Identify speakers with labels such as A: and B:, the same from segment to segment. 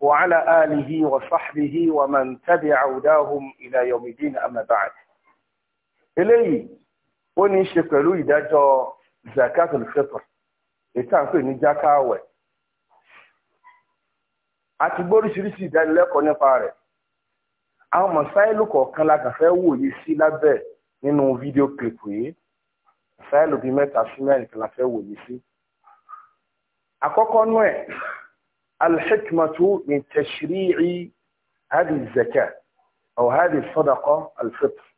A: وعلى آله وصحبه ومن تبع هداهم إلى يوم الدين أما بعد eléyìí ó ní í ṣe pẹ̀lú ìdájọ́ zakatul fitr ètò à ń pè ní jákàwẹ̀ àti gbóríṣiríṣi ìdánilẹ́kọ̀ọ́ nípa rẹ̀ àwọn mọ̀sáìlù kọ̀ọ̀kan la kàn fẹ́ wòye sí lábẹ́ nínú fídíò kìlìpù yìí mọ̀sáìlù bíi mẹ́ta sí mẹ́rin kan la fẹ́ wòye sí àkọ́kọ́ nú ẹ̀ الحكمة من تشريع هذه الزكاة أو هذه الصدقة الفطر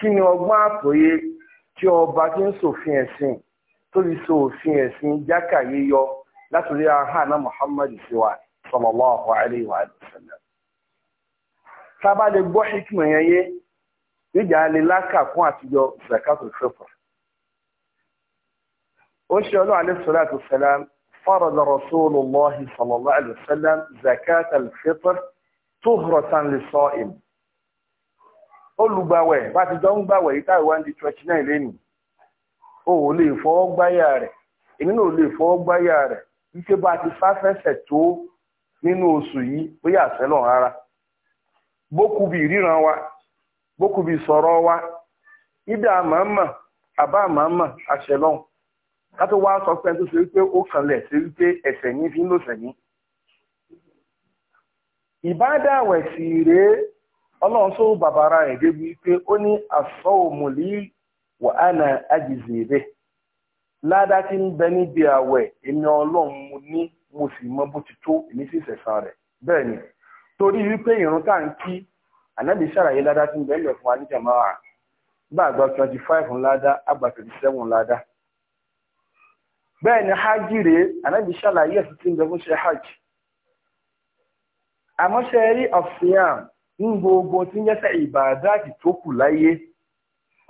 A: كني أجمع طي كي أباتين سوفين سين تولي سوفين سين جاكا ييو لا تولي أهانا محمد سواه صلى الله عليه وآله وسلم sábà lè gbọ́ hikima yẹn yé ìjà lè lákà fún àtijọ́ zakatul fitr ó ṣe ọlọ́run alẹ́ sọ́lá àti sẹ́lá فرض رسول الله صلى الله عليه وسلم زكاة الفطر طهرة للصائم olùgbàwẹ̀ bá ti jọ ń gbàwẹ̀ yìí táwọn wáńdí twenty nine lẹ́nu o ò lè fọwọ́ gbáyà rẹ̀ èmi náà ò lè fọwọ́ gbáyà rẹ̀ wípé bá ti fáfẹsẹ̀ tó nínú oṣù yìí bóyá àṣẹlọ̀ rárá bókùbì ríran wa bókùbì sọ̀rọ̀ wa ìdá àmàmà àbá àmàmà àṣẹlọ́hùn ká tó wá sọ pé tó ṣe wípé ó fi ń lòsẹ̀ yín. ìbádàwẹ̀ sì rèé ọlọ́run tó bàbára ẹ̀ débi wípé ó ní òmùlí wà á àjèjì rẹ̀ ládàá tí ń níbi àwẹ̀ èmi ní mo sì mọ bó ti tó èmi sì torí wípé ìrun tá à ń kí ànábì ṣàlàyé ládàá tí ń twenty five ńláda àgbà twenty seven ńláda. bẹ́ẹ̀ ni hajj rèé anábì ṣàlàyé ẹ̀sìn tí ń ṣe hajj àmọ́ ṣe rí àfihàn gbogbo tí ń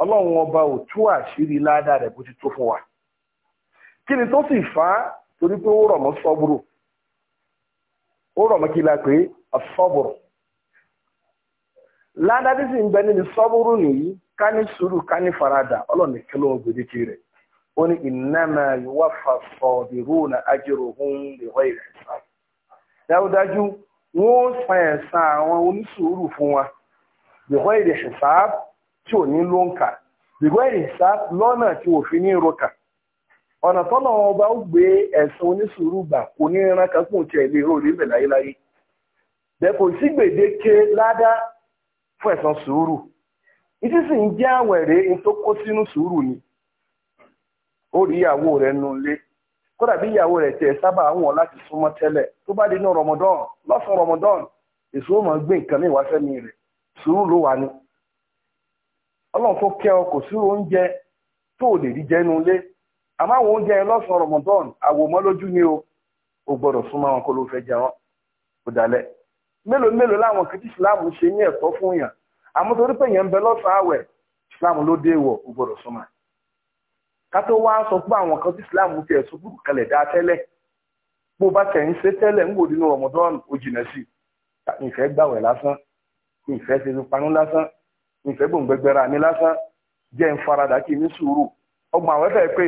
A: tó kù àṣírí ládàá rẹ̀ bó ti tó fún wa kí ni tó sì fà á torí pé ó rọ̀ mọ́ sọ́bùrù ó rọ̀ mọ́ kí la pé ládàá tí sì ń bẹ nìyí ká ní sùúrù ká ó ní ìnáma ìwáfà sọ̀bìrú na ajruhum bighayri hisab. dájúdájú wọ́n san ẹ̀san àwọn onísùúrù fún wa bighayri hisab tí ò ní ló ń kà bighayri hisab lọ́nà tí ò fi ní roka ọ̀nà tọ́nà ọba ó gbé ẹ̀san onísùúrù gbà kò ní ránkà fún ti ẹ̀lẹ́ ìró orí láyéláyé bẹ́ẹ̀ kò sí gbèdéke ládá fún ẹ̀san sùúrù ìtísìn jẹ́ àwẹ̀rẹ́ ní ni ó rí ìyàwó rẹ nù lé kódà bí ìyàwó rẹ̀ sábà wọn láti suma tẹlẹ tó bá dínú rọmọdán lọ́sàn rọmọdán gbé nǹkan mìíràn fẹ́mi rẹ̀ sùúrù ló wà ní. ọlọ́run tó kẹ́ ọ kò oúnjẹ tó lè rí o ò gbọ́dọ̀ súnmọ́ wọn kó ló fẹ́ jẹ wọn kò mélòó mélòó ṣe ní ẹ̀tọ́ fún yàn àmọ́ torí pé yẹn ń bẹ lọ́sàn àwẹ̀ ká tó wá sọ pé àwọn kan tí Islam fi ẹ̀sùn burúkú kalẹ̀ dá tẹ́lẹ̀ bó bá tẹ̀ ṣe tẹ́lẹ̀ ń wò nínú Ramadan ó jìnà sí ìfẹ́ gbàwẹ̀ lásán ìfẹ́ ṣẹṣin panú lásán ìfẹ́ gbòǹgbẹ́gbẹ́ra mi lásán jẹ́ ń faradà kí ní sùúrù ọgbọ̀n àwọn ẹ̀fẹ́ pé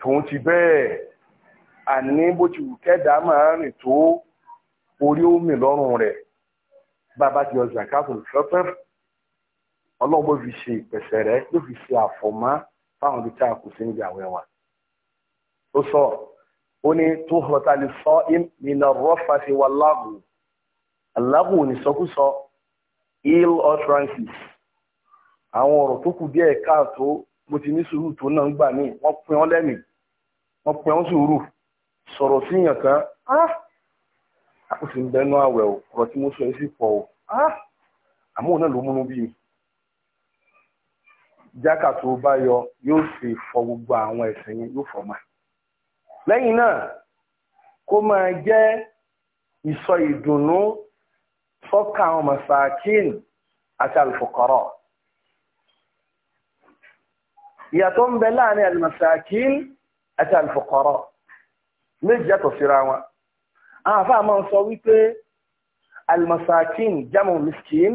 A: tòun ti bẹ́ẹ̀ àní bó ti wù kẹ́dà máa rìn tó orí omi lọ́rùn rẹ̀ bàbá ti ọjà káàkiri fẹ́fẹ́ ọlọ́gbọ́n fi ṣe ìpẹ̀sẹ̀ rẹ̀ yóò fi ṣe àfọ̀mọ́ fáwọn ibi tí a kù sí níbi àwẹ̀ wa ó sọ̀rọ̀ ó ní tó họta lè sọ rọ́fàṣẹ wa láàbù aláàbù ní sọkúsọ ill utterances àwọn ọ̀rọ̀ tó kù díẹ̀ káàtó mo ti ní sùúrù tó náà ń gbà mí wọ́n pin ọ́ lẹ́mìí wọ́n pin ọ́ sùúrù sọ̀rọ̀ sí yàn kan ah! ó sì ń bẹnu àwẹ̀ ọ̀rọ̀ tí mo sọ yìí sì pọ̀ ah! náà ló múnú bí mi. jákà tó bá yọ yóò sì fọ gbogbo àwọn ẹ̀ṣẹ̀ yẹn yóò fọ̀ mọ́ lẹ́yìn náà kó máa jẹ́ ìsọ ìdùnnú fọ́kà àwọn masakin àti alfukara ìyàtọ̀ ń bẹ láàrin almasakin àti alfukara méjì yàtọ̀ síra wọn àwọn àfáà sọ wípé almasakin jamu miskin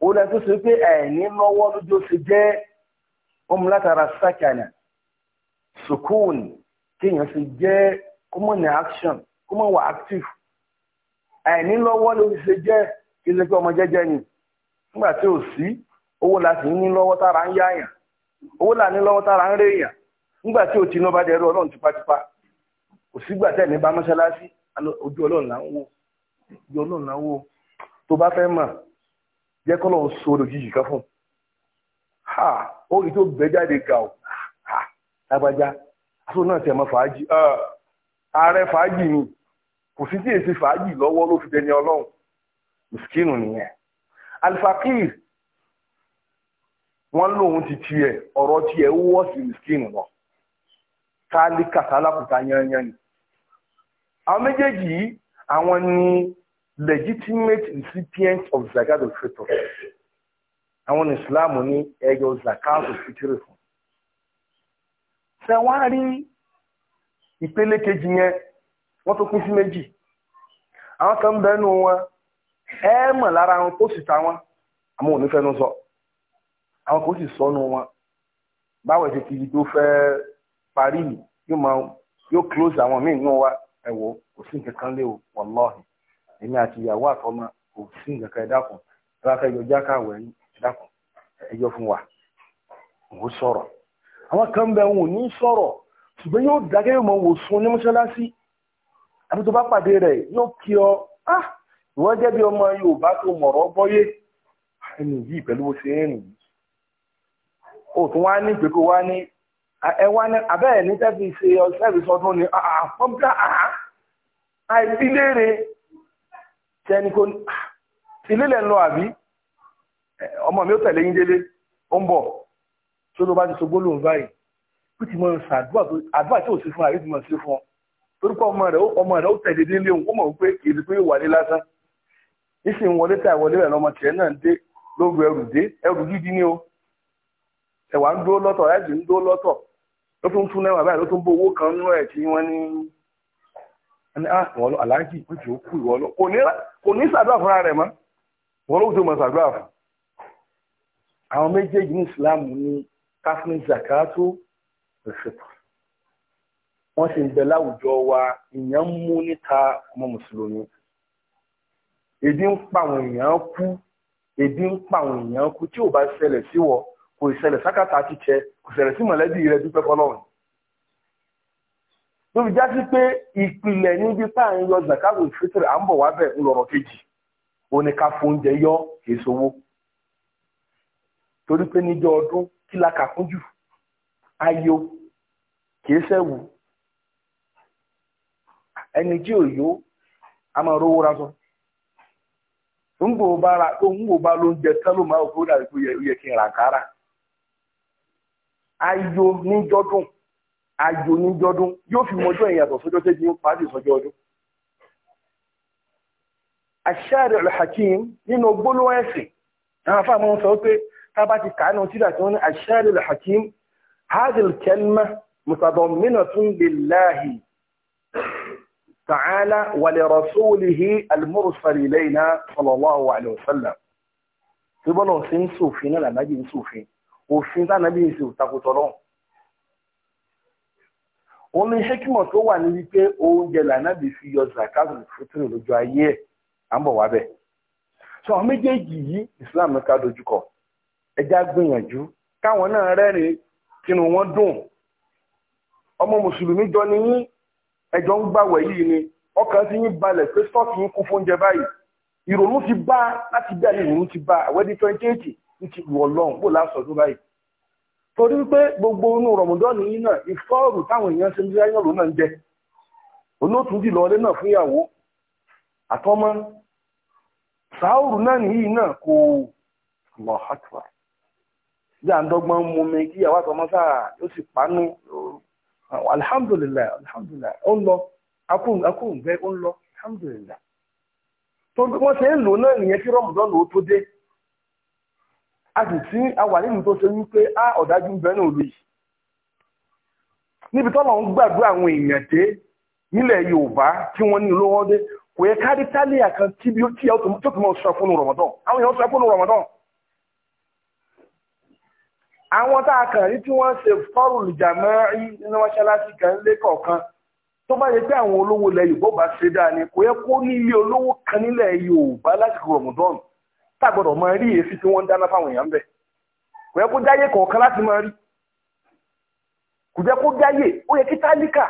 A: ó lẹ́ tó pe pé lọwọ lọ́wọ́ lójú ó ṣe jẹ́ ọmọ látara sákànà kéèyàn ṣe jẹ́ kọ́mọ̀ action lọwọ wà active àìní lọ́wọ́ ló ṣe jẹ́ kí pé ọmọ jẹ́jẹ́ ni nígbà tí ò sí owó la ní lọ́wọ́ tára ń yáyàn owó là ní lọ́wọ́ tára ń nígbà tí ò bá dẹrú ọlọ́run tipátipá kò sígbà jẹ́ kọ́ lọ́n so lójijì kan fún ha orí tó bẹ jáde ga o ha lágbájá aṣọ náà tẹ̀ mọ́ fàájì ah! ààrẹ fàájì ni kò sí tí èsì fàájì lọ́wọ́ ló fi dẹni ọlọ́run mùsùkínù nìyẹn alifakir wọ́n lóun ti tiẹ̀ ọ̀rọ̀ tiẹ̀ wọ́ sí mùsùkínù lọ tálíkà tálákùtà yanyan ni àwọn méjèèjì yìí àwọn ni legitimate recipient of zakat al-fitr àwọn islam ní ẹyọ zakat al-fitr fún ṣe wá rí ìpele kejì yẹn wọ́n tó pín sí méjì àwọn kan bẹ́ẹ̀ nù wọn ẹ mọ̀ lára wọn tó sì ta wọn àmọ́ òní fẹ́nu sọ àwọn kò sì sọnù wọn báwo ṣe ti di tó fẹ́ parí yóò máa yóò close àwọn míì nù wa ẹ̀wọ̀ kò sí nǹkan kan lé o wàláhì èmi àti ìyàwó àtọmọ kò sí nǹkan kan ẹ dákun ẹ bá fẹ́ yọ jáká wẹ̀ ní ẹ dákun ẹ yọ fún wa òun sọ̀rọ̀ àwọn kan bẹ òun ò ní sọ̀rọ̀ ṣùgbọ́n yóò dákẹ́ yóò mọ wò sun ní mọ́ṣáláṣí àbí tó bá pàdé rẹ̀ yóò kí ọ ah ìwọ́n jẹ́ ọmọ Yorùbá tó mọ̀rọ̀ bọ́yé ẹni yìí pẹ̀lú bó ṣe ń rìn yìí tún wá ní ìgbèkó wá ní ẹ wá ní abẹ́ẹ̀ ní tẹ́fì ṣe ọ̀sẹ́fì sọdún ni àfọ́nbíà àá àìsí léèrè kẹ́ni kó ah, ilé lẹ́ ń lọ àbí eh, ọmọ mi ó tẹ̀lé yín délé ó ń bọ̀ tó ló bá ti sogbó lòun báyìí ó ti máa ṣàdúrà tó àdúrà tí ò sí fún àríwá sí fún ọ torúkọ ọmọ rẹ ọmọ rẹ ó tẹ̀lé délé òun ó mọ̀ pé èdè pé wà ní lásán nísìnyí wọlé tá ìwọlé rẹ lọmọ tiẹ̀ náà dé lóru ẹrù dé ẹrù gidi ni o ẹwà ń dúró lọ́tọ̀ ẹ̀jẹ̀ ń dúró lọ́tọ̀ ló tún tún náírà báyìí ló tún bó owó kan nínú ẹ̀ tí wọ́n ní ẹni á ah, wọn lọ aláàjì péjì o kú ìwọ lọ kò ní sàdúrà fúnra rẹ̀ mọ́ wọn ló tó mọ sàdúrà fún. àwọn méjèèjì ní islam ní káfíń zakato rẹsẹtọ wọn sì ń bẹ láwùjọ wa ìyẹn ń mú níta ọmọ mùsùlùmí ebi ń pa àwọn èèyàn kú ebi ń pa àwọn èèyàn kú tí ò bá ṣẹlẹ̀ sí wọ kò ṣẹlẹ̀ sákàtà àti tẹ kò ṣẹlẹ̀ sí mọ̀lẹ́bí rẹ dúpẹ́ fọlọ́run ló fi já sí pé ìpìlẹ̀ níbi tá à ń yọ zakato fitiri à ń bọ̀ wábẹ̀ ńlọrọ̀ kejì òní ká fóúnjẹ yọ èsòwò torí pé níjọ ọdún kí la kà kún jù ayọ̀ kìí sẹ́wù ẹni tí ò yó a máa rówó ra sọ ńgbò bá ra tán ló máa kó dàbí pé yẹ kí n rà kára ayọ̀ níjọ́dún àjò níjọdún yóò fi mọjọ́ ẹ̀yìn àtọ̀ sójọ́ tẹ́jú pàdé sọjọ́ ọdún. àṣàrẹ̀ al-hakim nínú gbólóhùn ẹ̀sìn àwọn afáàmù sọ pé tá a bá ti kàánù tírà tí wọ́n ní àṣàrẹ̀ al-hakim hadhihi al-kalima mutadamminatun lillahi ta'ala wa li rasulihi al-mursal ilayna sallallahu náà ó ní hekima tó wà ní wípé oúnjẹ lànàbì fi yọ zakatul fitr lójú ayé ẹ̀ à ń bọ̀ wá bẹ̀. sọ méjèèjì yìí islam ká dojúkọ ẹjá gbìyànjú káwọn náà rẹ́rìn tinú wọn dùn ọmọ mùsùlùmí jọ ni yín ẹjọ́ ń gbàwẹ̀ yìí ni ọkàn ti yín balẹ̀ pé stọọkì yín kún fóúnjẹ báyìí ìrònú ti bá láti bí àlè ìrònú ti bá àwẹ́dí twenty eight ní ti wọ̀ lọ́hùn bó láṣọ báyìí torí wípé gbogbo inú rọ̀mùdọ́nù yìí náà ìfọ́ọ̀rù táwọn èèyàn ṣe ń jẹ́ náà ló náà ń jẹ olóòtú dì lọ́ọ́lé náà fún ìyàwó àtọ́mọ́ sàáòrù náà nìyí náà kò lọ hàtùwà bí àǹdọ́gbọ́n mú mi kí ìyàwó alhamdulilayi alhamdulilayi ó ń lọ ó alhamdulilayi tó wọ́n ṣe ń lò náà nìyẹn kí a sì tí a wà nínú tó ṣe wípé á ọ̀dájú ń bẹ náà lóyè níbi tọ́lọ̀ ń gbàdúrà àwọn èèyàn dé nílẹ̀ Yorùbá tí wọ́n ní olówó dé kò yẹ kárí tálíà kan tí bí ó tí ó tó tó mọ̀ sọ fún Ramadan àwọn èèyàn sọ fún Ramadan àwọn tá a kàn rí tí wọ́n ṣe fọ́rù lùjàmọ́ rí nínú mọ́ṣáláṣí kan lẹ́kọ̀ọ̀kan tó bá yẹ pé àwọn olówó ilẹ̀ Yorùbá bá ṣe dáa ni kò yẹ kó ní ilé olówó kan nílẹ̀ Yorùbá lásìkò Ramadan tàgbọ̀dọ̀ máa rí èéfì tí wọ́n ń dáná fáwọn èèyàn bẹ̀ kò yẹ kó jáyé kọ̀ọ̀kan láti máa rí kò jẹ́ kó jáyé ó yẹ kí tálíkà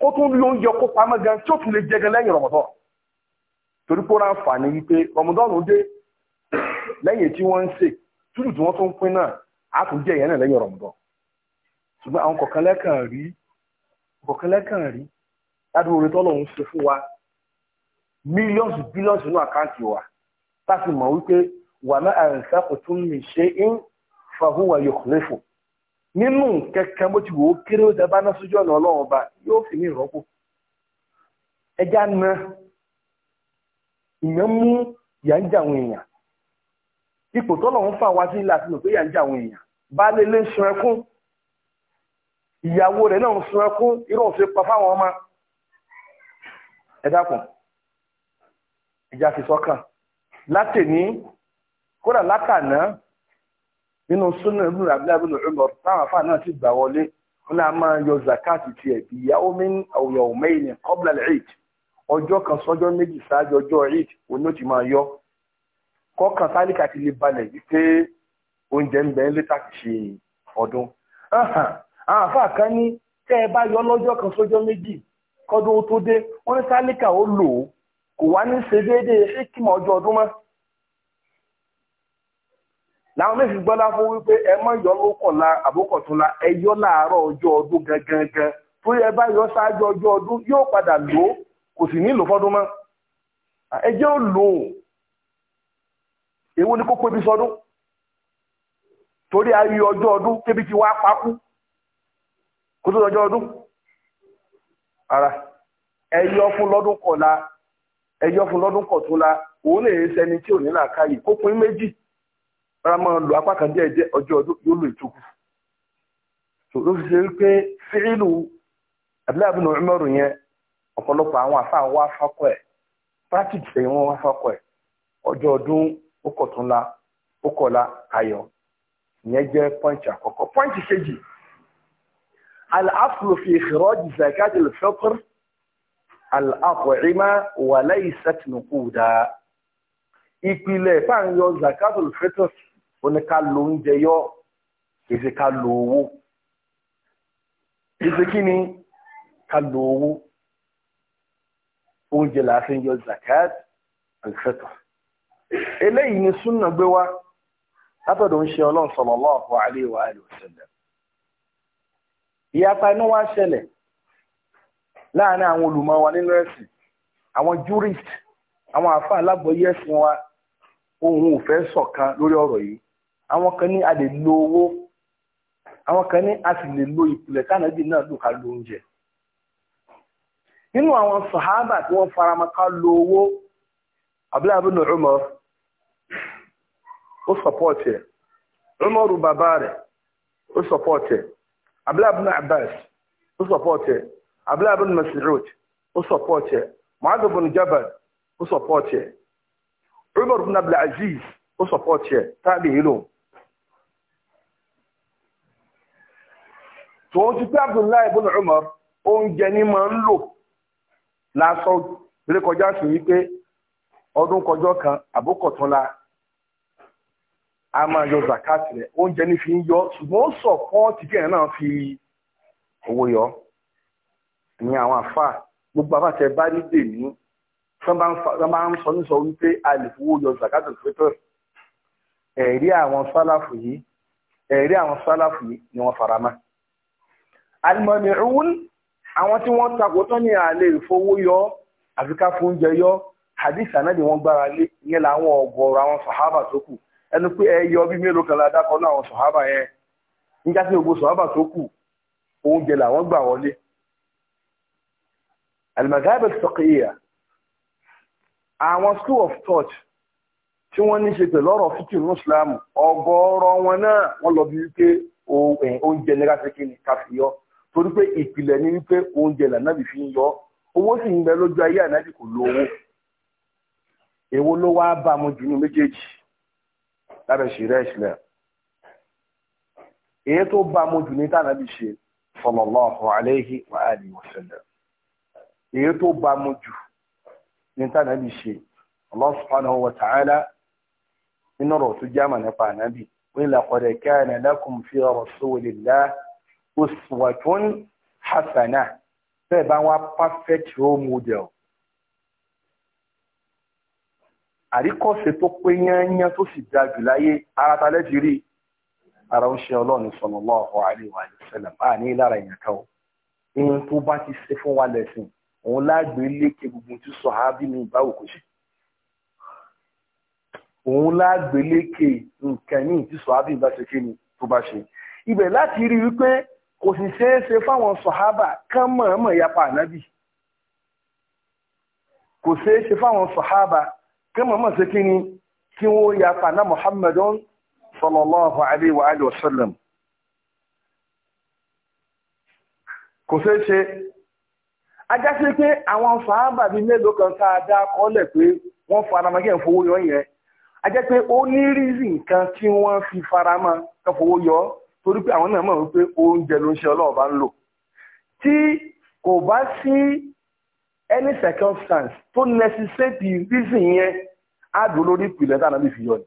A: kó tún rí oúnjẹ kó pamọ́ gan tí ó tún lè jẹ gan lẹ́yìn rọ̀mọ̀dọ́ torí pé ó ráǹfààní wípé rọ̀mọ̀dọ́nù dé lẹ́yìn tí wọ́n ń sè tútù tí wọ́n tún pín náà á tún jẹ́ ìyẹn lẹ́yìn rọ̀mọ̀dọ́ ṣùgbọ́n àwọn kọ̀ọ̀kan lẹ́kàn rí wa mílíọ̀nù bílíọ̀nù nínú àkáǹtì wa láti mọ̀ wípé wà náà àrìnsáfò tún mi ṣe ń fàhùwà yòkùnléfò nínú kẹkẹ bó ti wò ó kéré ó dábàá náà sójú ọ̀nà ọlọ́run ọba yóò fi ní ìrọ́pò ẹja na ìyẹn mú ìyà ń àwọn èèyàn ipò tọ́lọ̀ ń fà wá sí ilé àti lò pé ìyà àwọn èèyàn baálé ilé ń sun ẹkún ìyàwó rẹ̀ náà ń sun ẹkún irọ́ òfin pa fáwọn ọmọ ẹ dákun ẹja fi sọ́kàn látẹ̀ní kódà látàná nínú súnà ibùdó abdullahi ibùdó ọmọ táwọn afáà náà ti gbà wọlé wọn náà máa yọ zakat tiẹ̀ bí yawmin aw yawmayn qabla al-eid ọjọ́ kan sọ́jọ́ méjì ṣáájú ọjọ́ eid òun ló ti máa yọ kọ́kàn sálíkà ti lè balẹ̀ wípé oúnjẹ ń bẹ ń lé tàbí ọdún àwọn àfáà kan ní tẹ́ ẹ bá yọ lọ́jọ́ kan sọ́jọ́ méjì kọ́dún tó dé wọ́n ní sálíkà ó lò kò wá ní ṣe déédéé ṣé kí mọ̀ ọjọ́ ọdún mọ́ làwọn méjì gbọ́dá fún wípé ẹ mọ̀ yọ lókànlá àbókọ̀túnla ẹ yọ láàárọ̀ ọjọ́ ọdún gangan gan tó yẹ bá yọ sáájú ọjọ́ ọdún yóò padà lò ó kò sì nílò fọ́dún mọ́ ẹ jẹ́ lò ó ni kó pébi sọdún torí ayé ọjọ́ ọdún kébi kó tó rárá máa lo apá kan díẹ̀ díẹ̀ ọjọ́ ọdún yóò lo ìtókù ló fi ṣe wípé fíìlù abdulayi bin umaru yẹn ọ̀pọ̀lọpọ̀ àwọn àfáà wá fákọ̀ ẹ̀ practice ẹ̀yìn wọn wá fákọ̀ ẹ̀ ọjọ́ ọdún ó kọ̀ tún la ó kọ̀ la ayọ̀ ìyẹn jẹ́ pọ́ǹchì àkọ́kọ́ pọ́ǹchì kejì al-aslu fi ikhraj zakat al-fitr al-at'ima wa ìpìlẹ̀ fáwọn yọ zakat ó ní ká lo oúnjẹ yọ èsì ká lo owó èsì kí ni ká lo owó oúnjẹ là á yọ zakat al eléyìí ni súnà gbé wá látọ̀dọ̀ ń ṣe ọlọ́run sallallahu alaihi wa alihi wasallam ìyapa inú wa ṣẹlẹ̀ láàárín àwọn olùmọ̀ wa nínú ẹ̀sìn àwọn jurist àwọn àfa alágbọ̀yé ẹ̀sìn wa ohun ò fẹ́ ṣọ̀kan lórí ọ̀rọ̀ yìí àwọn kan ní a lè lo owó àwọn kan ní a sì lè lo ìpìlẹ̀ tánàbí náà lò ká lo oúnjẹ nínú àwọn sàhábà tí wọ́n farama ká lo owó ó sọpọ́ọ̀tì ẹ̀ Umaru bàbá rẹ̀ ó sọpọ́ọ̀tì ẹ̀ Abdullahi ibn Abbas ó sọpọ́ọ̀tì ẹ̀ Abdullahi ibn Mas'ud ó sọpọ́ọ̀tì ẹ̀ Jabal ó sọpọ́ọ̀tì Aziz ó sọpọ́ọ̀tì ẹ̀ tòun ti pé Abdullahi ibn Umar oúnjẹ ní máa ń lò lásán rékọjá sí wípé ọdún kọjọ kan àbókọ̀túnla a máa yọ zakat rẹ̀ oúnjẹ ní fi ń yọ ṣùgbọ́n ó sọ fún tìkì ẹ̀ náà fi owó yọ ní àwọn àfà gbogbo àfàṣẹ bá ní dèmí tó bá ń sọ ní sọ wípé a lè fowó yọ zakat al-fitr àwọn sálàfù yìí ẹ̀rí àwọn sálàfù yìí ni wọ́n fara mọ́ alimọ̀mí ìrún àwọn tí wọ́n takò tán ní àlè ìfowó yọ àfi ká fún oúnjẹ yọ hadith anáde wọn gbára lé ìyẹn làwọn ọ̀gọ̀ọ̀rọ̀ àwọn sàhábà tó kù ẹnu pé ẹ yọ bí mélòó kan ládàkọ náà àwọn sàhábà yẹn nígbà tí gbogbo sàhábà tó kù oúnjẹ làwọn gbà wọlé alimagaibe sọkìyà àwọn school of thought tí wọ́n ní ṣe pẹ̀lú ọ̀rọ̀ fíkìrì mùsùlùmí ọ̀gọ̀ọ̀rọ̀ wọn náà wọ́n lọ bí wípé oúnjẹ nígbà tí kìíní káfíyọ́ torí pé ìpìlẹ̀ ni wípé oúnjẹ lànàbì fi ń yọ owó sì ń bẹ lójú ayé ànábì kò lo owó èwo ló wá bá mu jù ní méjèèjì lábẹ́ ṣìrẹ́ ìṣìlẹ̀ èyí tó bá mu jù ní tànàbì ṣe sallallahu alayhi wa alihi wa sallam èyí tó bá mu jù ní tànàbì ṣe Allah subhanahu wa nínú ọ̀rọ̀ tó jámà nípa ànábì wa laqad kana lakum fi rasulillahi uswatun hasana bẹ́ẹ̀ bá wá perfect role model àríkọ́ṣe tó pé yányán tó sì da jù láyé ara ta lẹ́jì rí ara ń ṣe ọlọ́run sallallahu alaihi wa sallam a ní lára èèyàn kan o ihun tó bá ti ṣe fún wa lẹ́sìn òun lágbè lékè gbogbo tí sọ̀hábí mi ìbáwò kò ṣe òun lágbè lékè nǹkan ní ìtìsọ̀hábí ìbáṣe kí ni tó bá ṣe ibẹ̀ láti rí wípé kò sì ṣeé ṣe fáwọn sọ̀hábà kán mọ̀ọ́mọ̀ yapa ànábì kò ṣeé ṣe fáwọn sọ̀hábà kán mọ̀ọ́mọ̀ ṣe kí ni kí wọ́n yapa ná muhammadun sallallahu alaihi wa alihi wa sallam kò ṣeé ṣe ajá sí pé àwọn sọ̀hábà bíi mélòó kan tá a dá kọ́lẹ̀ pé wọ́n faramọ́kẹ́ fowó yọ yẹn ajá pé ó ní rízì nǹkan tí wọ́n fi faramọ́ kan fowó yọ ọ́ torí pé àwọn náà mọ̀ wípé oúnjẹ ló ń ṣe ọlọ́run bá ń lò tí kò bá sí any circumstance tó necessary reason yẹn á dùn lórí ìpìlẹ̀ tí ànábì fi yọ ni.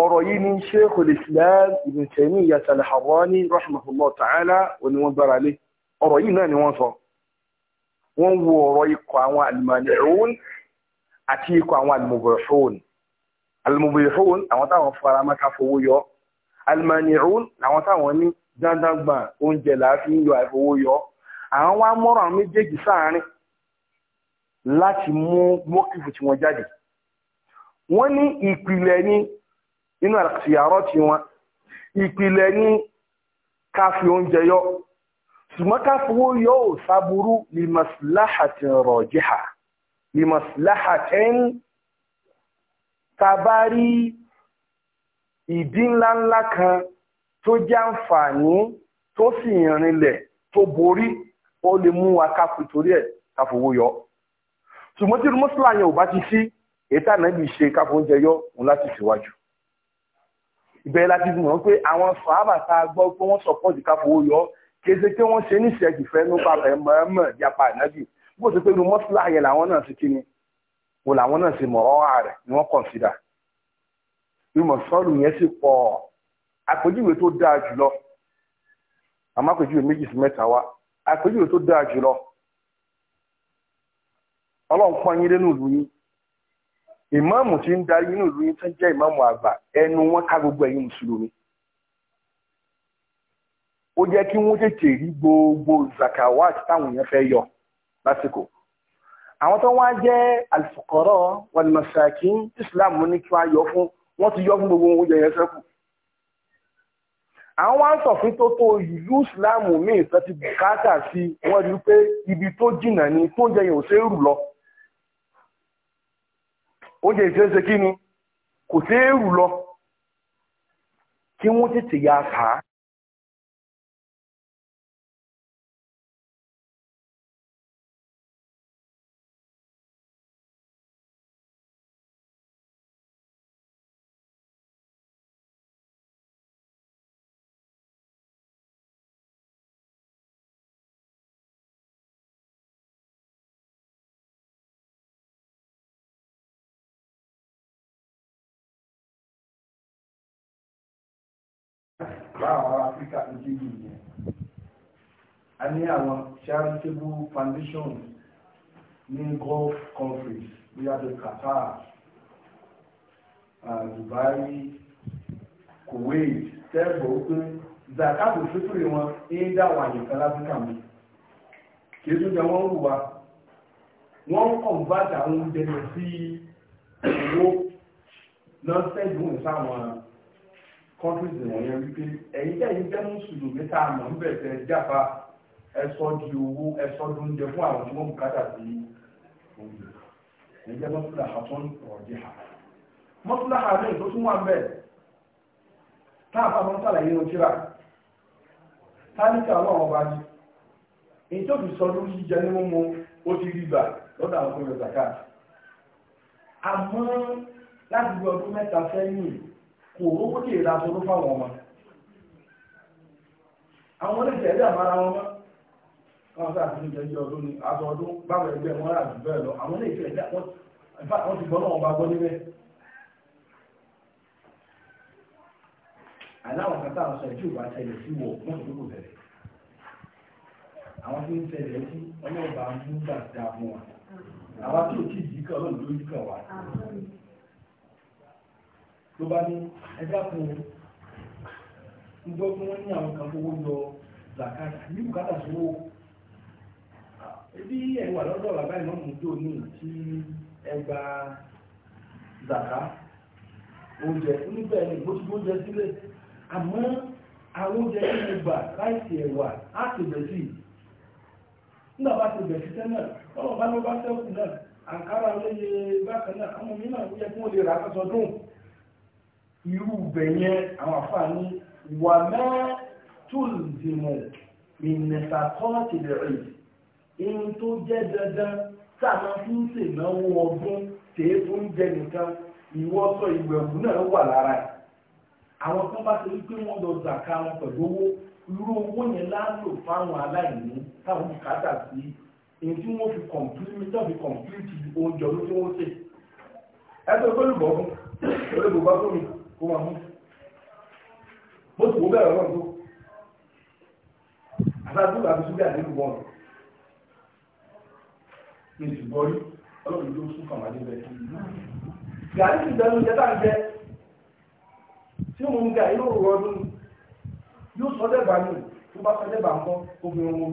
A: ọ̀rọ̀ yìí ni Sheikhul Islam Ibn Taymiyyah al-Harrani rahimahullah ta'ala òní wọ́n gbára lé ọ̀rọ̀ yìí náà ni wọ́n sọ wọ́n wo ọ̀rọ̀ ikọ̀ àwọn al-mani'un àti ikọ̀ àwọn al-mubihun al-mubihun àwọn táwọn fara máa ká fowó yọ almaniun làwọn táwọn ní dandan gbọ̀n oúnjẹ làáfi ń yọ àìfowó yọ àwọn wá mọ́rọ̀ àwọn méjèèjì sáàárín láti mú mọ́kìfù tí wọ́n jáde wọ́n ní ìpìlẹ̀ ní inú àṣìyàrọ̀ tí wọ́n ìpìlẹ̀ ní ká fi oúnjẹ yọ ṣùgbọ́n ká fowó yọ ò sáburú li maslahatin rajiha li maslahatin tabari ìdí ńláńlá kan tó jẹ́ àǹfààní tó sì rinlẹ̀ tó borí ó lè mú wa ká fi torí ẹ̀ ká fowó yọ. ṣùgbọ́n tí mọ́sálà yẹn ò bá ti sí ètò ànábì ṣe ká fóúnjẹ yọ òun láti síwájú. ìbẹ̀rẹ̀ láti mọ̀ pé àwọn sàhábà tá a gbọ́ pé wọ́n sọ̀pọ̀tì ká fowó yọ kéde pé wọ́n ṣe níṣẹ́ ìfẹ́ ní bàbá ẹ̀ mọ̀ọ́mọ̀ yapa ànábì bó ti pé inú mọ́sálà làwọn náà ti kíni wò làwọn náà ti mọ̀ ọ́ ààrẹ ni wọ́n kọ̀ǹsídà ìmọ̀ sọ́ọ̀lù yẹn sì pọ̀ àpèjúwe tó dáa jùlọ àmọ́ àpèjúwe méjì sí mẹ́ta wá àpèjúwe tó dáa jùlọ ọlọ́run pọ́n yín lẹ́nu ìlú yín ìmáàmù tí ń darí inú ìlú yín tó jẹ́ ìmáàmù àgbà ẹnu wọn ká gbogbo ẹ̀yin mùsùlùmí ó jẹ́ kí wọ́n tètè rí gbogbo zakawat táwọn èèyàn fẹ́ yọ lásìkò àwọn tó wá jẹ́ alfuqara wal islam ní kí wọ́n á yọ fún wọ́n ti yọ fún gbogbo oúnjẹ yẹn sẹ́kù àwọn wá ń sọ̀fin tó tó ìlú ìsìláàmù míì tó ti bùkátà sí wọ́n rí pé ibi tó jìnnà ni tó oúnjẹ yẹn ò ṣe é rù lọ oúnjẹ ìṣeéṣe kí ni kò ṣe é rù lọ kí wọ́n tètè yá a fà á. láwọn áfíríkà méjèèjì yẹn a ní àwọn charitable foundations ní gulf countries bóyá bí Qatar ah, Dubai Kuwait tẹ́gbọ̀ wípé zakato fífúri wọn ń dá àwọn àyẹ̀ká láfíríkà mi kìí tún jẹ wọ́n rù wá wọ́n ń convert àwọn oúnjẹ lọ sí owó náà sẹ́gbọ̀n sáwọn countries wọ̀nyẹn wípé ẹ̀yin tẹ́ ẹ̀yin tẹ́ mùsùlùmí tá a mọ̀ ń bẹ̀ tẹ́ jáfa ẹ̀sọ́ di owó ẹ̀sọ́ di oúnjẹ fún àwọn tí wọ́n bùkátà sí oúnjẹ ẹ̀yin tẹ́ mọ́tòlá àtún ọ̀rọ̀dì hà mọ́tòlá hà ní ìtọ́sùn wà bẹ́ẹ̀ tá a bá wọn sàlàyé ojúra táníkà ọlọ́run ọba jù èyí tó fi sọ lórí jíjẹ ní mímú ó ti rí gbà lọ́dọ̀ àwọn tó yọ zakat àmọ́ láti gbọ́ kò nwoke lè ra aṣọ ló fáwọn ọmọ àwọn oníṣẹ́ ẹ̀dá àmàrà wọn mọ́ wọn sáà ti jẹ́ ọdún ní ọdún báwọn ẹgbẹ́ wọn rà jù bẹ́ẹ̀ lọ àwọn oníṣẹ́ ẹ̀dá wọn ti gbọ́ náà wọn bá gbọ́ níbẹ̀ aláwọ̀ kata àwọn sọ ìjú ìwà tẹ̀lẹ̀ sí wọ̀ wọ́n ti bẹ̀rẹ̀ àwọn tí ń tẹ̀lẹ̀ sí ọlọ́ọ̀bà ń gbà dáa fún wa àwọn tí ló bá ní ẹgbẹ́ wọn ní àwọn kan fowó yọ zakata ní bùkátà sówó ebi ẹ wà lọ́dọ̀ bàbá ìmọ̀mù tó ní tí ẹ gba zaka oúnjẹ oníbẹ̀ ni gbójúgbójẹ sílẹ̀ àmọ́ àwọn oúnjẹ tí mo gbà láìsí á ti sí nígbà bá ti sí ló bá náà àǹkárá bákan náà àwọn lè rà irú bẹ̀yẹ àwọn àfáàní wà mẹ́ túlùdìmọ̀ ìnẹ̀sàkọ́ọ̀tì rẹ̀ èyí tó jẹ́ dandan sáàmà fi ń sè náwó ọdún tèé fún jẹ nìkan ìwọ sọ ìwẹ̀wù náà wà lára ẹ̀ àwọn tó bá ti rí pé wọ́n lọ zàkà wọn pẹ̀lú owó irú owó yẹn láńlò fáwọn aláìní táwọn bùkátà sí èyí tí wọ́n fi kọ̀m̀pìlì oúnjẹ olóṣèwọ́sẹ̀ ẹ tó tó lùbọ̀ fún olóògbé bá fún mi. kó máa mú bó ti bẹ́ẹ̀ tó àti bọ́ọ̀lù ní ọlọ́run tó sún níbẹ̀ ti tí mo ń ga ọdún yóò sọ dẹ́gbà tó bá sọ dẹ́gbà ń obìnrin wọn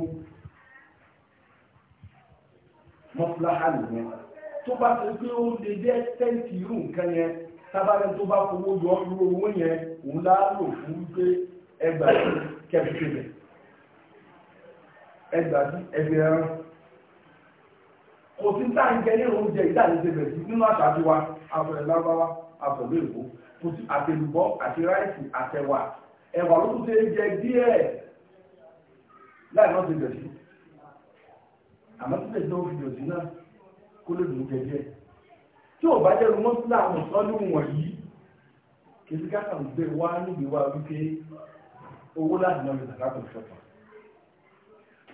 A: mọ́fúláhà nìyẹn tó bá sọ pé ó lè tábàlẹ̀ tó bá fowó yọ irú owó yẹn òun láàlò fún wípé ẹgbà sí kẹfìfìlẹ̀ ẹgbà sí ẹgbẹ̀ ẹran kò sí táǹkẹ́ ní oúnjẹ ìdáàlẹ́sẹ̀ bẹ̀rẹ̀ sí nínú àṣà tiwa àfẹ̀rẹ̀ lábáwá àfẹ̀rẹ̀ èkó kò sí àtẹlùbọ́ àti ráìsì àtẹwà ẹ̀wà ló tún ṣe jẹ díẹ̀ láì náà bẹ̀rẹ̀ sí àmọ́ tó lè dán fìdíò sí náà kó lè dùn jẹ díẹ̀ tí ò bá jẹ́rù mọ́sílá àwọn ìsọ́lú wọ̀nyí kìí káàkà ń gbé wá níbi wá wípé owó láti náà lè zàkàtò ìṣọ̀tọ̀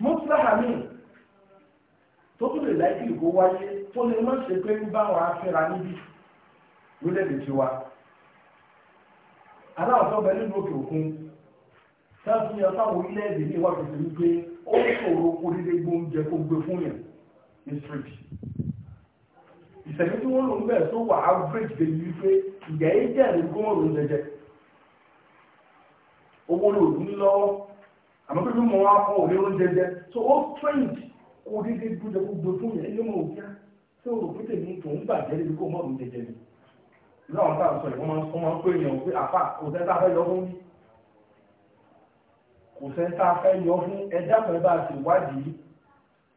A: mọ́sílá àmì tó tún lè láìpẹ́ ìkó wáyé tó lè má ṣe pé ń bá wọn afẹ́ra níbi lórílẹ̀-èdè tiwa aláwọ̀ tó bẹ nínú òkè òkun sáàtún yẹn fáwọn orílẹ̀-èdè ní ìwádìí wípé ó ṣòro orílẹ̀ gbóúnjẹ tó gbé fún yẹn ní street ìṣẹ̀lẹ̀ tí wọ́n lò ń bẹ̀rẹ̀ tó wà average de yìí pé ìyá yìí jẹ́rìí kó wọ́n lò ń jẹjẹ owó lò ní lọ́wọ́ àmọ́ pé bí mo wá kọ́ òní oúnjẹ jẹ so ó strange kó o dédé gbúdẹ kó gbé fún yẹn ẹni mọ̀ òkè tí o rò pé tèmi tó ń bàjẹ́ débi kó o mọ̀ òun jẹjẹ ni láwọn tá a sọ yìí wọ́n máa ń fún wọn pé àfà kò sẹ́ tá a fẹ́ yọ fún kò sẹ́ tá a fẹ́ yọ fún ẹ̀dá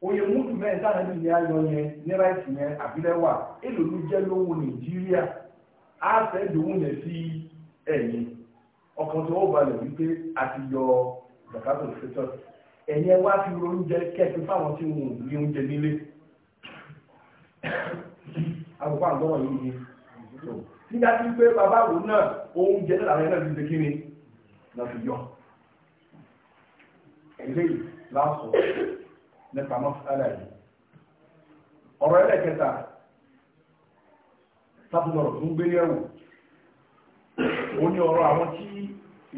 A: oye mútu mẹ́rin táwọn ẹni ní ayọ yẹn ní ráìtì yẹn àbílẹ̀wà èlò ló jẹ́ lówó nàìjíríà á fẹ́ dòwó yẹn sí ẹ̀yìn ọkàn tó ó balẹ̀ wípé a ti yọ zakato fetus ẹ̀yìn ẹ wá fi oúnjẹ kẹ́ẹ̀kí fáwọn tí wọn ò ní oúnjẹ nílé àkókò àgbọ̀wọ̀ yìí ni nígbà tí pé bàbá wo náà oúnjẹ náà làwọn ẹ̀ náà ti ṣe kí ni náà fi yọ ẹ̀lẹ́yìn lásán nípa mọ́sálà yìí ọ̀rọ̀ ẹlẹ́kẹta sábúlọ̀rọ̀ tó ń gbé yẹ̀wò ó ní ọ̀rọ̀ àwọn tí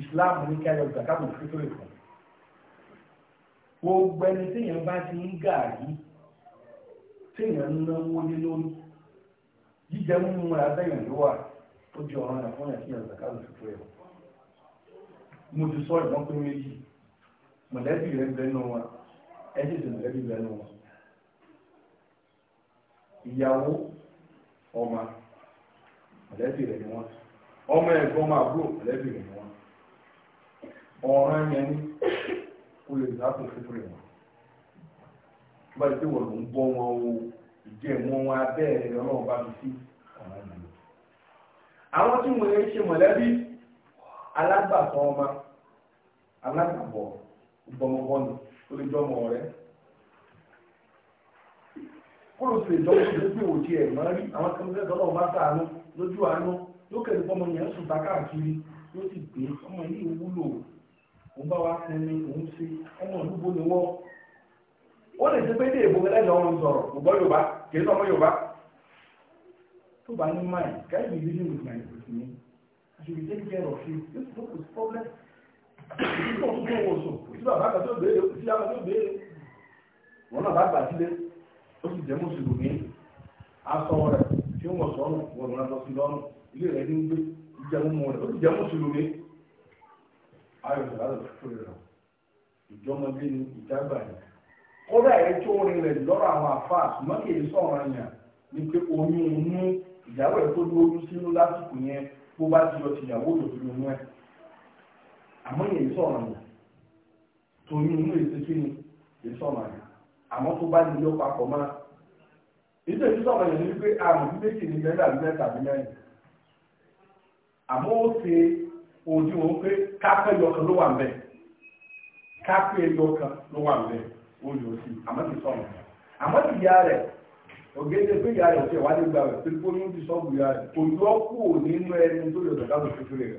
A: Islam ní káyọ̀ zakatu fífúrè fún gbogbo ẹni téèyàn bá ti ń gàrí téèyàn ń náwó lé lórí jíjẹ mímú abẹ́yàn ló wà ó di ọ̀rọ̀ náà fún ẹ̀kíyàn zakatu fífúrè fún mo ti sọ ìbọn pé méjì mọ̀lẹ́bí rẹ̀ bẹ́ẹ̀ náà wà ẹ̀sìn ìsìn lẹ́bí lẹ́nu wọn ìyàwó ọmọ mọ̀lẹ́bí rẹ̀ ni wọ́n ọmọ ẹ̀gbọ́n máa búrò mọ̀lẹ́bí rẹ̀ ni wọ́n ọ̀ràn yẹn ní kó lè látò fífúrè wọn bá ti wọ̀ ló ń bọ́ wọn o ìdí ẹ̀mọ́ wọn abẹ́ ẹ̀rẹ́ ọlọ́run bá mi sí ọ̀ràn yẹn àwọn tí mo lè ṣe mọ̀lẹ́bí alágbàtọ́ ọmọ alágbàbọ̀ gbọmọgbọ́nù ó lè jọmọ rẹ kó ló sì jọmọ tó gbé òjì ẹ̀ mọ́ rí àwọn kan fẹ́ tọ́lọ́ bá sàánú lójú àánú lókè ní pọ́nmọ yẹn sùn bá káàkiri ló sì gbé ọmọ yìí wúlò òun bá wa sinmi òun ṣe ọmọ ìdúgbò ni wọ́n ó lè ṣe pé dé ìbò ẹlẹ́yìn ọ̀run sọ̀rọ̀ kò gbọ́ yorùbá kì í sọ ọmọ yorùbá tó bá ní mind guy be reason with my with me i should be taking care of bàbá kan tó béèrè ó sì yàrá tó béèrè wọn náà bá gbà sílé ó sì jẹ́ mùsùlùmí aṣọ rẹ̀ tí wọ́n sọ̀rọ̀ wọn lọ́nà lọ sí lọ́rùn ilé rẹ̀ ní gbé ìjẹun mọ́ rẹ̀ ó sì jẹ́ mùsùlùmí ayọ̀ sọ̀rọ̀ fún rẹ̀ ìjọmọdé ni ìjágbà ni kódà ẹ̀ tó rin rẹ̀ lọ́rọ̀ àwọn àfa ṣùgbọ́n kì í sọ̀rọ̀ yàn ni pé oyún inú ìyàwó ẹ̀ tó lóyún sínú lásìkò yẹn bó bá ti yọ tìyàwó yòókù inú ẹ̀ àmọ́ yẹn sọ̀rọ̀ yàn torí inú èsì kí ni ìsọmọ̀yà àmọ́ tó bá nílé papọ̀ mọ́ ìṣe ìsọmọ̀yà ní wípé àrùn bí méjì ní mẹ́ta bí mẹ́ta bí mẹ́rin àmọ́ ó ṣe òdiwọ̀n pé kápẹ́ yọkan ló wà ń bẹ̀ kápẹ́ ló wà ń bẹ̀ àmọ́ ti àmọ́ ti yá rẹ̀ pé ìyá rẹ̀ nígbà rẹ̀ pé kó ní ti sọ́ọ̀bù ìyá rẹ̀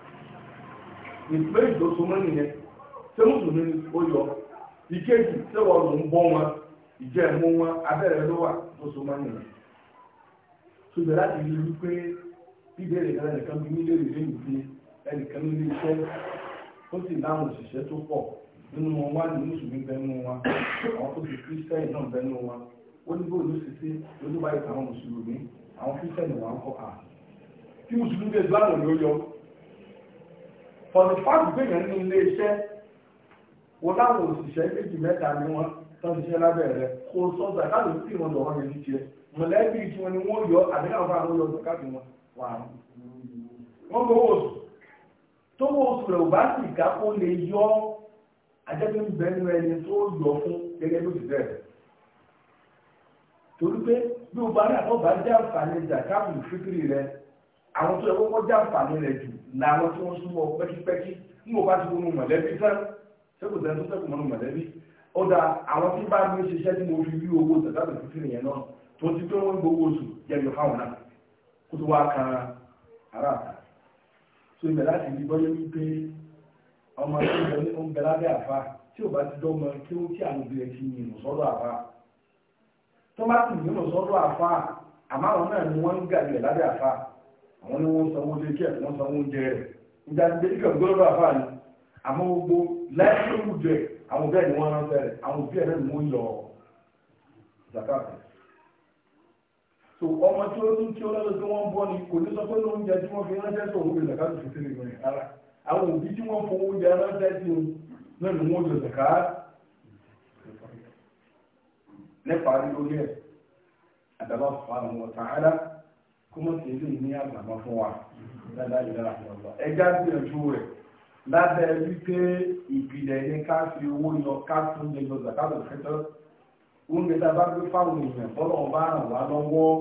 A: ìpínlẹ̀ ìdòsómọ́ nìyẹn ṣé mùsùlùmí ó yọ ìkejì ṣé wọ́n lò ń bọ́ wọn ìjẹ́ ẹ̀mú wọn abẹ́rẹ́ ló wà ìdòsómọ́ nìyẹn. ṣùgbọ́n láti rí i pé bíbélì kan ẹnìkan bí nílé rèé lè fi ẹnìkan nílé iṣẹ́ ó sì láwọn òṣìṣẹ́ tó pọ̀ nínú wọn wá ní mùsùlùmí bẹnu wọn àwọn tó fi kírísítẹ́nì náà bẹnu wọn ó ní bóyá olùsísí lójúbáyé àwọn mùsùlùmí àwọn kírísítẹ́nì wọn kọ́ àwọn tí mùsùlùmí bẹ́ẹ̀ for the fact gbìyàn ní ilé iṣẹ́ wo láwọn òṣìṣẹ́ méjì mẹ́ta ni wọ́n tán ti ṣe lábẹ́ kó sọ́jà káàdùn sí ìwọ̀n lọ́wọ́ yẹn jíjẹ mọ̀lẹ́bí tí wọ́n ni wọ́n yọ àdéhùn fún àwọn ọlọ́sọ káàdùn wọn wà á wọ́n gbowó oṣù tó wọ́n oṣù rẹ̀ ò bá sì ká kó lè yọ ajẹ́pẹ́ bẹ́nu ẹni tó yọ fún gẹ́gẹ́ bó ti bẹ̀rẹ̀ torí pé bí o bá rí àtọ́gbà jẹ́ àǹfààní ìjà káàdùn fíkìrì rẹ̀ àwọn tó yẹ kókó jẹ́ àǹfààní rẹ̀ jù làwọn tí wọ́n súnmọ́ pẹ́kípẹ́kí ní mo bá ti wọnú mọ̀lẹ́bí tán sẹ́kù tẹ́ tó sẹ́kù mọ́nú mọ̀lẹ́bí ó dá àwọn tí bá mi ṣiṣẹ́ tí mo fi rí owó tẹ̀sán tó fi nìyẹn náà tó ti pé wọ́n gbowó oṣù jẹ́jọ fáwọn náà kó tó wá kan ará àtà tó ibẹ̀ láti rí bọ́yọ́ wípé ọmọ tó ń bẹ ní ó ń bẹ lábẹ́ àfa tí ò bá ti dọ́mọ kí ó tí àwọn obìnrin ti yìn sọ́dọ̀ àfa tó bá ti yìn sọ́dọ̀ àfa àmọ́ àwọn náà ni wọ́n ń gàlẹ̀ lábẹ́ àfa àwọn ni wọ́n sanwó lé kí ẹ̀kọ́ sanwó oúnjẹ rẹ̀ ìjà ti gbèdéke gbọ́dọ̀ àfa ni àmọ́ gbogbo láìpẹ́ olùjẹ àwọn bẹ́ẹ̀ ni wọ́n ránṣẹ́ rẹ̀ àwọn òbí ẹ̀rẹ́ ni wọ́n yọ zakata so ọmọ tí ó ní tí ó lọ́dọ̀ tí wọ́n bọ́ ni kò ní sọ pé lóúnjẹ tí wọ́n fi ránṣẹ́ sọ̀rọ̀ òbí zakata fi sílẹ̀ ìwọ̀n ara àwọn òbí tí wọ́n fowó oúnjẹ ránṣẹ́ sí wọn náà ni wọ́n yọ zakata nípa rí lórí ẹ̀ àdàbà fún àwọn ọ̀tá kúmọ̀ sí ilé ní àgbàmọ́ fún wa dáadáa ìlera àtọ̀lọ́ ẹja gbìyànjú rẹ̀ lábẹ́ wípé ìpìlẹ̀ ní ká fi owó yọ ká tún lè lọ zakato fẹ́tọ́ oúnjẹ tá a bá gbé fáwọn èèyàn bọ́lọ̀ bá ràn wá lọ́wọ́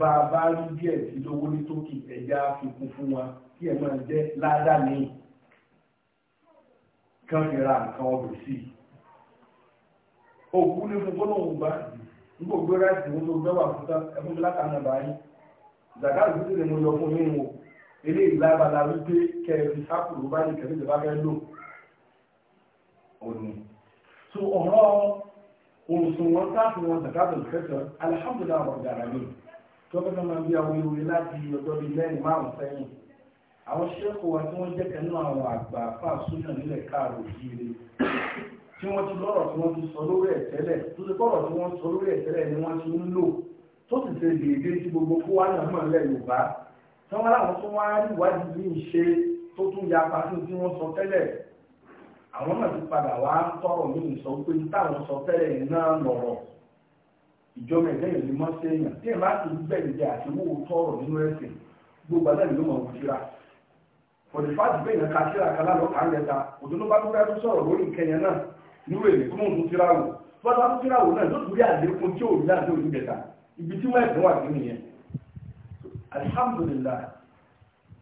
A: bá a bá rí díẹ̀ sí lówó ní tókì ẹja fikún fún wa kí ẹ máa jẹ́ ládàá ní kán fi ra nǹkan ọ̀rọ̀ sí i òkú ní fún gbọ́dọ̀ òun bá nígbà gbé ráìsì wọn tó gbẹ́wà fún ká ẹ̀fún mi lákàánà báyìí zakari títí ni mo yọ fún yín o eléyìí lábala wípé kẹrin sápòlù bá ní kẹrin ìjọba fẹ́ lò òní. so ọ̀rọ̀ òṣùwọ̀n sáfìwọ̀n zakari kẹsàn alihamudulilayi ọ̀rọ̀ dàrá mi tọ́pẹ́ náà máa bí awuyewuye láti ọjọ́ bíi mẹ́rin márùn-ún sẹ́yìn àwọn ṣẹ́kọ̀ọ́ wa tí wọ́n jẹ́ kẹ́nu àwọn àgbà fà sójà nílẹ̀ káàrò yìí tí wọ́n ti lọ́rọ̀ tí wọ́n ti sọ lórí ẹ̀tẹ́lẹ̀ tó ti kọ́rọ̀ tí wọ́n sọ lórí ẹ̀tẹ́lẹ̀ ni wọ́n ti ń lò tó ti ṣe dèédé tí gbogbo kó wá náà mọ̀ lẹ́ yorùbá tí wọ́n láwọn tó wá yìí ṣe tó tún ya pàṣẹ tí wọ́n sọ tẹ́lẹ̀ àwọn náà ti padà wá tọrọ ní ìsọ pé táwọn sọ tẹ́lẹ̀ náà lọ̀rọ̀ ìjọba mọ́ sí èèyàn tí èèyàn tọrọ nínú ẹ̀sìn gbogbo ló mọ̀ for the fact pé èèyàn ka síra kan lálọ́ lẹ́ta ló bá tó fẹ́ẹ́ ibi tí mẹ́rin wà nínú yẹn alhamdulillah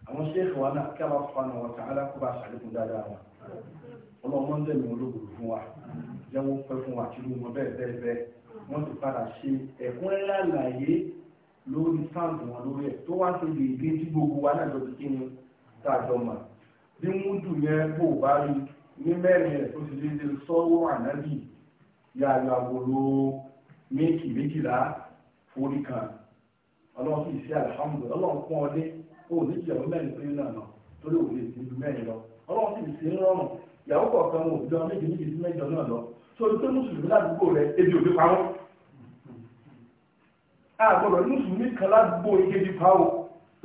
A: àwọn ṣéèkì wa náà kí a bá fọ́nà wọ́n tààlà kó bá ṣàlékún dáadáa wọn ọlọ́mọ ń dẹ̀mí olóògùn fún wa jẹ́wọ́ pẹ́ fún wa tìlú wọn bẹ́ẹ̀ bẹ́ẹ̀ bẹ́ẹ̀ wọ́n ti padà ṣe ẹ̀kúnrẹ́rẹ́ àlàyé lórí fáǹtì wọn lórí ẹ̀ tó wá sí gbègbè tí gbogbo wa náà lọ́dún kí ni tá a jọ mọ̀ bí yẹn kò bá rí ní mẹ́rin ẹ̀ tó ti dédé sọ́wọ́ ànábì forí kan ọlọ́run sì ṣe alihamudu ọlọ́run pọ́n ọdẹ ó ní ìyàwó mẹ́rin pé náà nà torí òun lè ti ju mẹ́rin lọ ọlọ́run sì ṣe ń rọrùn ìyàwó kọ̀ọ̀kan wọn ò jọ méjì méjì sí mẹ́jọ náà lọ sórí pé mùsùlùmí ládùúgbò rẹ ebi òbí pa wọn àgbọ̀dọ̀ mùsùlùmí kan ládùúgbò ìkejì pa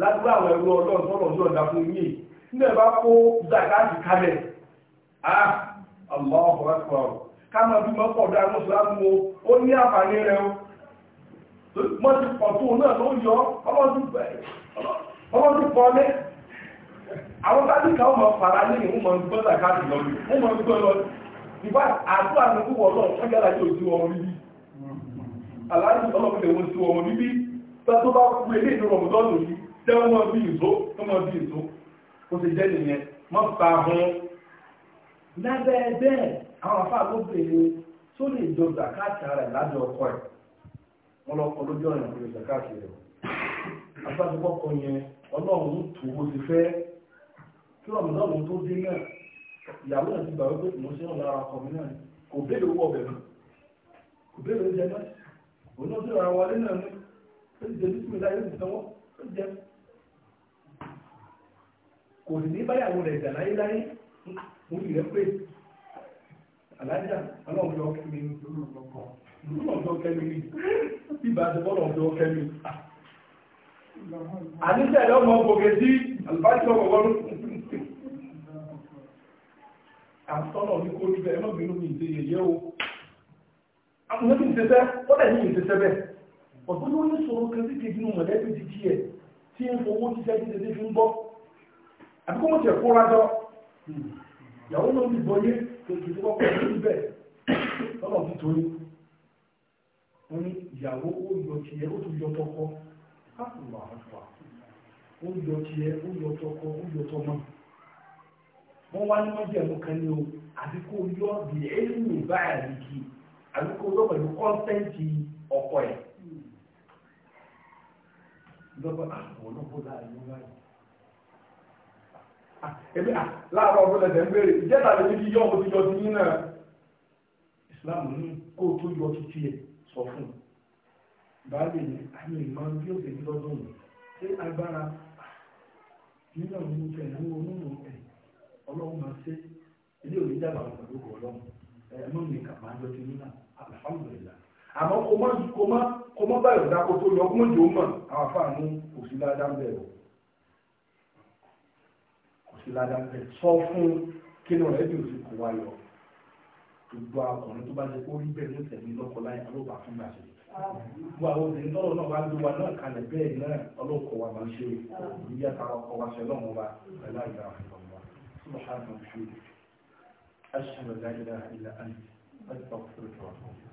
A: ládùúgbò àwọn ẹrú ọlọ́run tọ́lọ̀ sí ọ̀dà fún yìí nígbà bá kó zakati kalẹ̀ ah allah akbar ká máa bí mọ́pọ̀ dá mùsùlùmí ó ní wọ́n ti pọ̀ tó náà ló yọ ọlọ́dún bẹ̀rẹ̀ ọlọ́dún pọ̀ lẹ́ àwọn tàbí kan mọ̀ fara ní ìwọ̀n mọ̀ gbọ́ sàkáàtì lọ rí wọ́n mọ̀ gbọ́ lọ ìbá àdúrà ní púpọ̀ lọ́wọ́ ṣẹ́gẹ́lá yóò sí ọmọ bíbí aláàrí ọlọ́pùn lè wọ́n sí ọmọ bíbí tó bá kú ilé ìdúró ọmọdọ́dún yìí tẹ́wọ́n mọ́ bí ìzó tẹ́wọ́n bí ìzó kò sì jẹ́ nìyẹn mọ́ fa hun lábẹ́ bẹ́ẹ̀ àwọn afáà tó bèèrè tó lè jọ sàkáàtì ara ìlàjọ ọkọ ẹ̀ wọ́n lọ kọ lójú ọ̀nà ìpínlẹ̀ zakati rẹ̀ afáàdúgbò kan yẹn ọlọ́run tó o ti fẹ́ kí ọ̀nà náà tó dé náà ìyàwó náà ti gbà wípé mo ṣe ń lọ ara kọ̀ọ̀mù náà kò béèrè owó ọbẹ̀ náà kò béèrè oúnjẹ náà òun náà tó ra wọlé náà ní ó ti jẹ́ bísí mi láyé ti sanwó ó jẹ́ kò sì ní báyàwó rẹ̀ dà láyé láyé mo sì rẹ́ pé àlájà ọlọ́run yọ kí mi lórúkọ ìlú ọ̀dọ́ kẹ́mi rí bíbá ti bọ́ọ̀lù ọ̀dọ́ kẹ́mi. àníṣẹ́ ẹ̀rọ ọmọ ògbòkè sí àlùbáṣọ ọ̀gọ́rùn. àtọ́nà ní kó níbẹ̀ ẹ̀rọ mi ló mi ìdí yẹ̀yẹ́ o. àwọn ẹbí ìṣẹ́ṣẹ́ ó dẹ̀ ní ìṣẹ́ṣẹ́ bẹ́ẹ̀. ọ̀gbọ́n ló ní sọ̀rọ̀ kẹ́sì kejì nù mọ̀lẹ́bí ti díẹ̀ tí ń fowó ṣiṣẹ́ ti ṣe fi ń bọ́. àbíkó mo tiẹ̀ kóra jọ ìyàwó ló ń bọ̀ yé kejì tó kọ́kọ́ wọ́n ní ìyàwó ó yọ tiẹ̀ ó tún yọ tọkọ káàkùnwà àfà ó yọ tiẹ̀ ó yọ tọkọ ó yọ tọmọ wọ́n wá ní wọ́n ẹ̀mú kan ní o àbí kó yọ bí ẹ̀rù báyìí kì àbí kó yọ pẹ̀lú kọ́ńtẹ́ǹtì ọkọ ẹ̀ lọ́pọ̀ àwọn ah, olóko láàrin láàrin ẹbí à láàárọ̀ ọdún lẹ́sẹ̀ ń bèèrè ìjẹ́ta lè ní yọ ọmọ ti yọ ti yín náà Islam ní kó tó yọ títí sọ fún un báàbí ni àmì ìmọ̀ bí ó ṣe lọ́dún yìí ṣé agbára nínú àwọn oúnjẹ ìnáwó onírun ẹ̀ ọlọ́run máa ṣe ilé òní dàgbà wọn pẹ̀lú ọkọ̀ ọlọ́run ẹ̀mọ́ mi kà máa lọ́tí nínú àlùfáàmùlẹ̀lá àmọ́ kò má kò má kò má báyọ̀ dáko tó lọ ọgbọ́n jò mọ̀ àwọn afáàmù kò sí ládá ń bẹ̀rù kò sí ládá ń bẹ̀rù sọ fún kí ni ọ̀rẹ́dì òsì kò wáyọ̀ gbogbo ọkùnrin tó bá lè kó rí bẹ́ẹ̀ ló tẹ̀lé lọ́kọ láyé alóba fún mi àṣẹ. gbogbo àwọn obìnrin tọ́lọ̀ náà wá ló wa náà kalẹ̀ bẹ́ẹ̀ náà ọlọ́kọ̀ wa máa ń ṣe ìyá ta ọkọ̀ wa ṣe lọ́mọ wa pẹ̀lú àyíká àfẹ́lọ́mọba. subhanahu wa